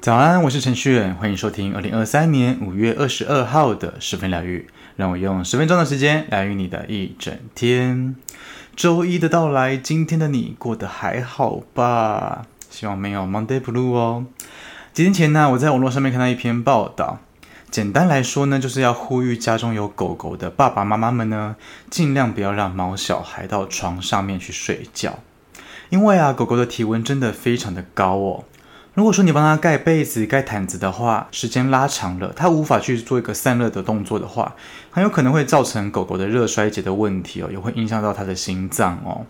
早安，我是旭遠，歡迎收聽二零二三年五月二十二號的十分療癒。讓我用十分鐘的時間療癒你的一整天。週一的到來，今天的你過得還好吧？希望沒有 Monday Blue 哦。幾天前呢，我在網絡上面看到一篇報道。簡單來說呢，就是要呼籲家中有狗狗的爸爸媽媽們呢，儘量不要讓毛小孩到床上面去睡覺，因為啊，狗狗的體溫真的非常的高哦。如果說你幫他蓋被子、蓋毯子的話，時間拉長了，他無法去做一個散熱的動作的話，很有可能會造成狗狗的熱衰竭的問題哦，也會影響到他的心臟哦。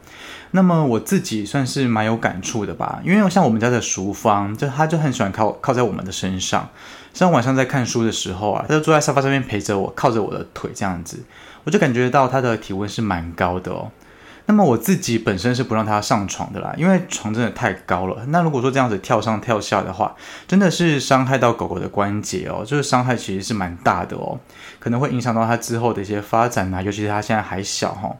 那麼我自己算是蠻有感觸的吧，因為像我們家的淑芳，就他就很喜歡靠靠在我們的身上，像晚上在看書的時候啊，他就坐在沙發上面陪着我，靠着我的腿這樣子，我就感覺到他的體溫是蠻高的哦。那麼我自己本身是不讓它上床的啦，因為床真的太高了。那如果說這樣子跳上跳下的話，真的是傷害到狗狗的關節哦，就是傷害其實是蠻大的哦，可能會影響到它之後的一些發展啊，尤其是它現在還小哦。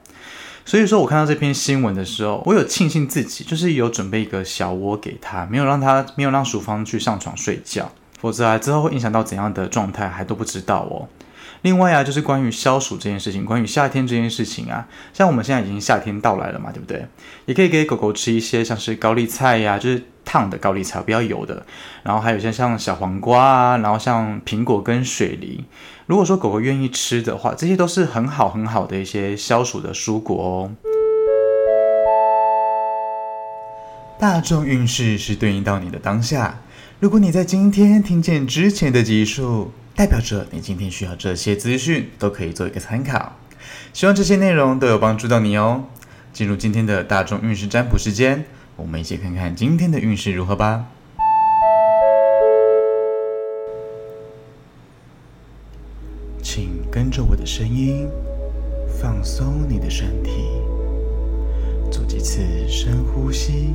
所以說我看到這篇新聞的時候，我有慶幸自己就是有準備一個小窩給它，沒有讓它沒有讓鼠方去上床睡覺，否則啊之後會影響到怎樣的狀態還都不知道哦。另外啊，就是關於消暑這件事情，關於夏天這件事情啊，像我們現在已經夏天到來了嘛，對不對？也可以給狗狗吃一些像是高麗菜呀、啊，就是燙的高麗菜，不要油的。然後還有一些像小黃瓜啊，然後像蘋果跟水梨。如果說狗狗願意吃的話，這些都是很好很好的一些消暑的蔬果哦。大眾運勢是對應到你的當下，如果你在今天聽見之前的集數，代表着你今天需要這些資訊，都可以做一個參考，希望這些內容都有幫助到你哦。進入今天的大眾運勢占卜時間，我們一起看看今天的運勢如何吧。請跟着我的聲音，放鬆你的身體，做幾次深呼吸。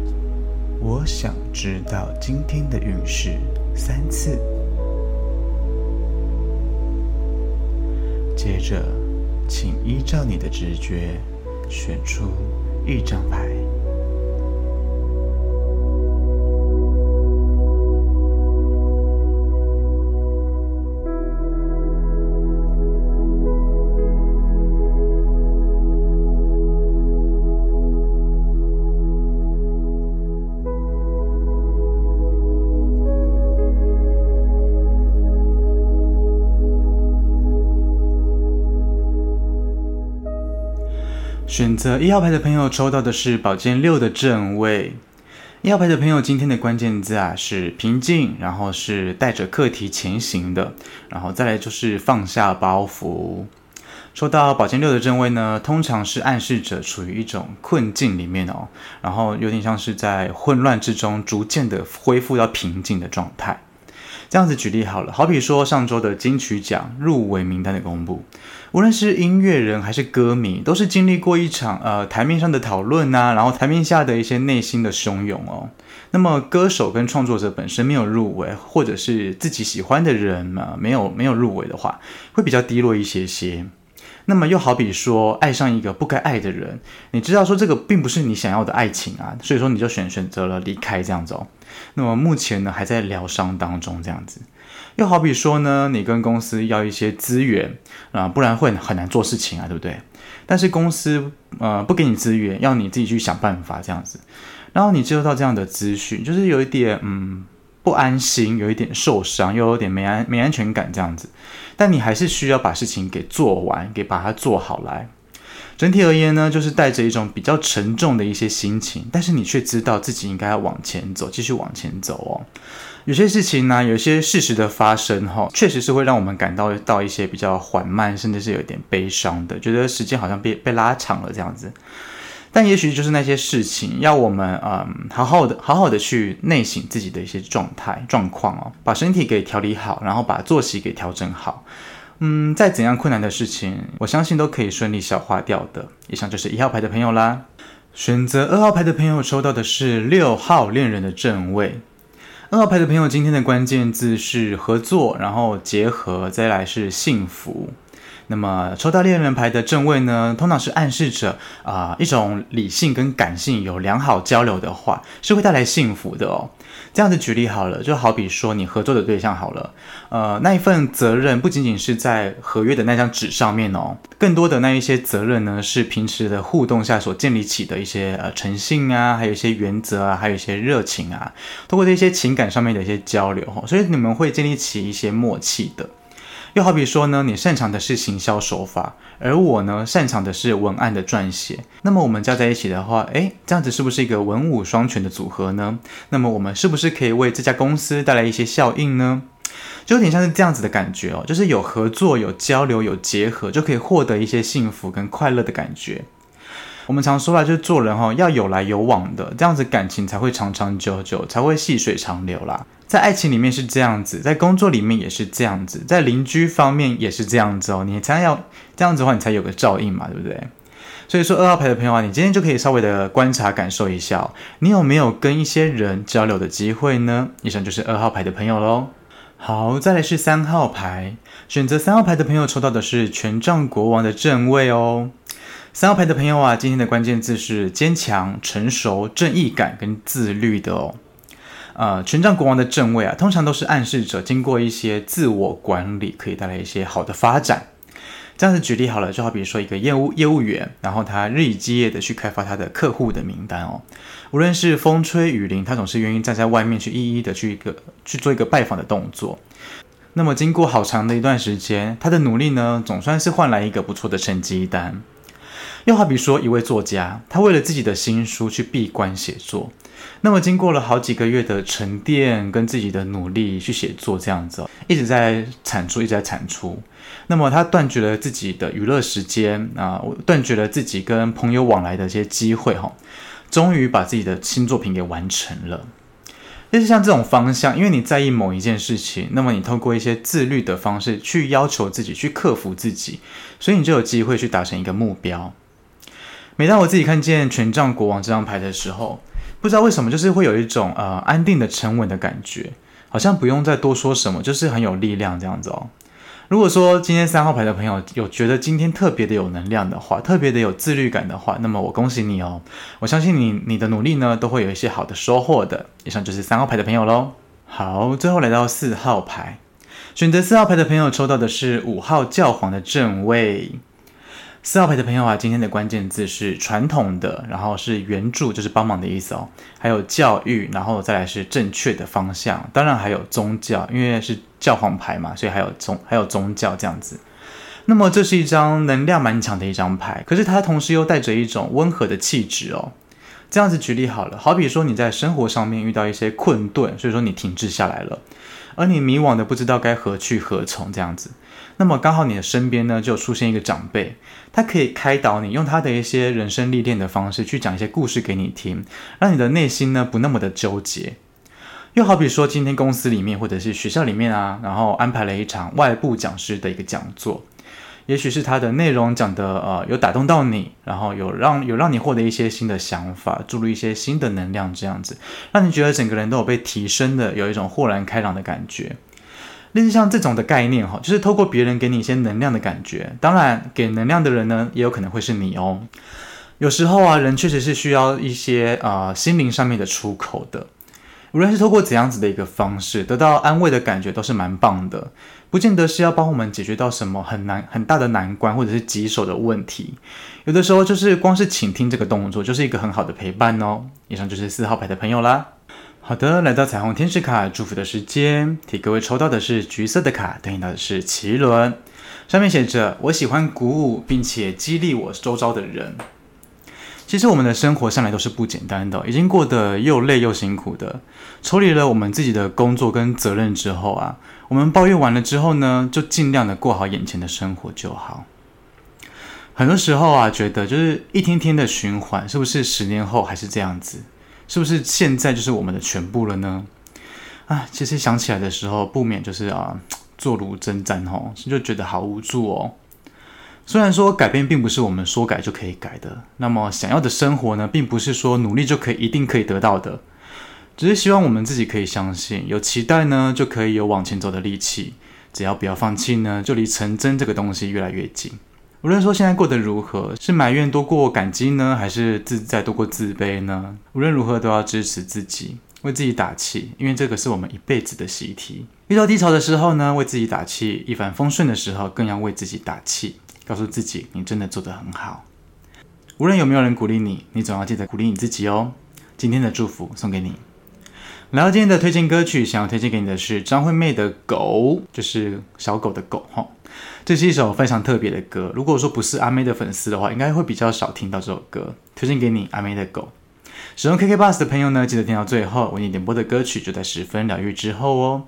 我想知道今天的運勢三次。接着，請依照你的直覺選出一張牌。選擇一號牌的朋友抽到的是寶劍六的正位，一號牌的朋友今天的關鍵字啊是平靜，然後是帶着課題前行的，然後再來就是放下包袱。抽到寶劍六的正位呢，通常是暗示着處於一種困境裡面哦，然後有點像是在混亂之中逐漸的恢復到平靜的狀態。這樣子舉例好了，好比說上周的金曲獎入圍名單的公布，無論是音樂人還是歌迷，都是經歷過一場呃台面上的討論啊，然後台面下的一些內心的洶湧哦。那麼歌手跟創作者本身沒有入圍，或者是自己喜歡的人嘛，沒有沒有入圍的話，會比較低落一些些。那麼又好比說愛上一個不該愛的人，你知道說這個並不是你想要的愛情啊，所以說你就選選擇了離開這樣子哦。那麼目前呢還在療傷當中這樣子。又好比說呢，你跟公司要一些資源啊，呃，不然會很難做事情啊，對不對？但是公司呃不給你資源，要你自己去想辦法這樣子。然後你接收到這樣的資訊，就是有一點嗯。不安心，有一點受傷，又有點沒安沒安全感這樣子，但你還是需要把事情給做完，給把它做好來。整體而言呢，就是帶着一種比較沉重的一些心情，但是你卻知道自己應該要往前走，繼續往前走哦。有些事情呢、啊，有些事實的發生後，確實是會讓我們感到到一些比較緩慢，甚至是有一點悲傷的，覺得時間好像被被拉長了這樣子。但也許就是那些事情，要我們嗯，好好的、好好的去內省自己的一些狀態、狀況哦，把身體給調理好，然後把作息給調整好，嗯，再怎樣困難的事情，我相信都可以順利消化掉的。以上就是一號牌的朋友啦，選擇二號牌的朋友收到的是六號戀人的正位，二號牌的朋友今天的關鍵字是合作，然後結合，再來是幸福。那麼抽到戀人牌的正位呢，通常是暗示着啊、呃、一種理性跟感性有良好交流的話，是會帶來幸福的哦。這樣子舉例好了，就好比說你合作的對象好了，呃，那一份責任不僅僅是在合約的那張紙上面哦，更多的那一些責任呢，是平時的互動下所建立起的一些呃誠信啊，還有一些原則啊，還有一些熱情啊，通過這些情感上面的一些交流哈、哦，所以你們會建立起一些默契的。又好比說呢，你擅長的是行銷手法，而我呢，擅長的是文案的撰寫。那麼我們加在一起的話，誒，這樣子是不是一個文武雙全的組合呢？那麼我們是不是可以為這家公司帶來一些效應呢？就有點像是這樣子的感覺哦，就是有合作、有交流、有結合，就可以獲得一些幸福跟快樂的感覺。我們常說來就是做人哈、哦、要有來有往的，這樣子感情才會長長久久，才會細水長流啦。在愛情裡面是這樣子，在工作裡面也是這樣子，在鄰居方面也是這樣子哦。你才要這樣子的話，你才有個照應嘛，對不對？所以說二號牌的朋友啊，你今天就可以稍微的觀察感受一下、哦，你有沒有跟一些人交流的機會呢？以上就是二號牌的朋友嘍。好，再來是三號牌，選擇三號牌的朋友抽到的是權杖國王的正位哦。三號牌的朋友啊，今天的關鍵字是堅強、成熟、正義感跟自律的哦。呃，權杖國王的正位啊，通常都是暗示着經過一些自我管理，可以帶來一些好的發展。這樣子舉例好了，就好比說一個業務業務員，然後他日以繼夜的去開發他的客戶的名單哦。無論是風吹雨淋，他總是願意站在外面去一一的去一個去做一個拜訪的動作。那麼經過好長的一段時間，他的努力呢，總算是換來一個不錯的成績單。又好比說一位作家，他為了自己的新書去閉關寫作，那麼經過了好幾個月的沉澱跟自己的努力去寫作，這樣子一直在產出，一直在產出。那麼他斷絕了自己的娛樂時間啊，斷絕了自己跟朋友往來的一些機會哈，終於把自己的新作品給完成了。但是像這種方向，因為你在意某一件事情，那麼你透過一些自律的方式去要求自己，去克服自己，所以你就有機會去達成一個目標。每當我自己看見權杖國王這張牌的時候，不知道為什麼就是會有一種呃安定的、沉穩的感覺，好像不用再多說什麼，就是很有力量這樣子哦。如果說今天三號牌的朋友有覺得今天特別的有能量的話，特別的有自律感的話，那麼我恭喜你哦，我相信你你的努力呢都會有一些好的收穫的。以上就是三號牌的朋友嘍。好，最後來到四號牌，選擇四號牌的朋友抽到的是五號教皇的正位。四號牌的朋友啊，今天的關鍵字是傳統的，然後是援助，就是幫忙的意思哦，還有教育，然後再來是正確的方向，當然還有宗教，因為是教皇牌嘛，所以還有宗，還有宗教這樣子。那麼這是一張能量蠻強的一張牌，可是它同時又帶着一種溫和的氣質哦。這樣子舉例好了，好比說你在生活上面遇到一些困頓，所以說你停滯下來了。而你迷惘，的不知道該何去何從這樣子，那麼剛好你的身邊呢，就出現一個長輩，他可以開導你，用他的一些人生歷練的方式去講一些故事給你聽，讓你的內心呢不那麼的糾結。又好比說今天公司裡面或者是學校裡面啊，然後安排了一場外部講師的一個講座。也許是他的內容講的呃有打動到你，然後有讓有讓你獲得一些新的想法，注入一些新的能量，這樣子讓你覺得整個人都有被提升的，有一種豁然開朗的感覺。類似像這種的概念哈，就是透過別人給你一些能量的感覺。當然，給能量的人呢，也有可能會是你哦。有時候啊，人確實是需要一些呃心靈上面的出口的。無論是透過怎樣子的一個方式得到安慰的感覺，都是蠻棒的，不見得是要幫我們解決到什麼很難很大的難關或者是棘手的問題，有的時候就是光是傾聽這個動作就是一個很好的陪伴哦。以上就是四號牌的朋友啦。好的，來到彩虹天使卡祝福的時間，替各位抽到的是橘色的卡，對應到的是臍輪，上面寫着我喜歡鼓舞並且激勵我周遭的人。其實我們的生活向來都是不簡單的，哦，已經過得又累又辛苦的，抽離了我們自己的工作跟責任之後啊，我們抱怨完了之後呢，就儘量的過好眼前的生活就好。很多時候啊，覺得就是一天天的循環，是不是十年後還是這樣子？是不是現在就是我們的全部了呢？啊，其實想起來的時候，不免就是啊，坐如針氈哦，就覺得好無助哦。雖然說改變並不是我們說改就可以改的，那麼想要的生活呢，並不是說努力就可以一定可以得到的，只是希望我們自己可以相信，有期待呢，就可以有往前走的力氣。只要不要放棄呢，就離成真這個東西越來越近。無論說現在過得如何，是埋怨多過感激呢，還是自在多過自卑呢？無論如何都要支持自己，為自己打氣，因為這個是我們一輩子的習題。遇到低潮的時候呢，為自己打氣；一帆風順的時候，更要為自己打氣。告訴自己，你真的做得很好。無論有沒有人鼓勵你，你總要記得鼓勵你自己哦。今天的祝福送給你。來到今天的推薦歌曲，想要推薦給你的是張惠妹的《狗》，就是小狗的狗吼。這是一首非常特別的歌。如果說不是阿妹的粉絲的話，應該會比較少聽到這首歌。推薦給你阿妹的《狗》。使用 KKBOX 的朋友呢，記得聽到最後，為你點播的歌曲就在十分療癒之後哦。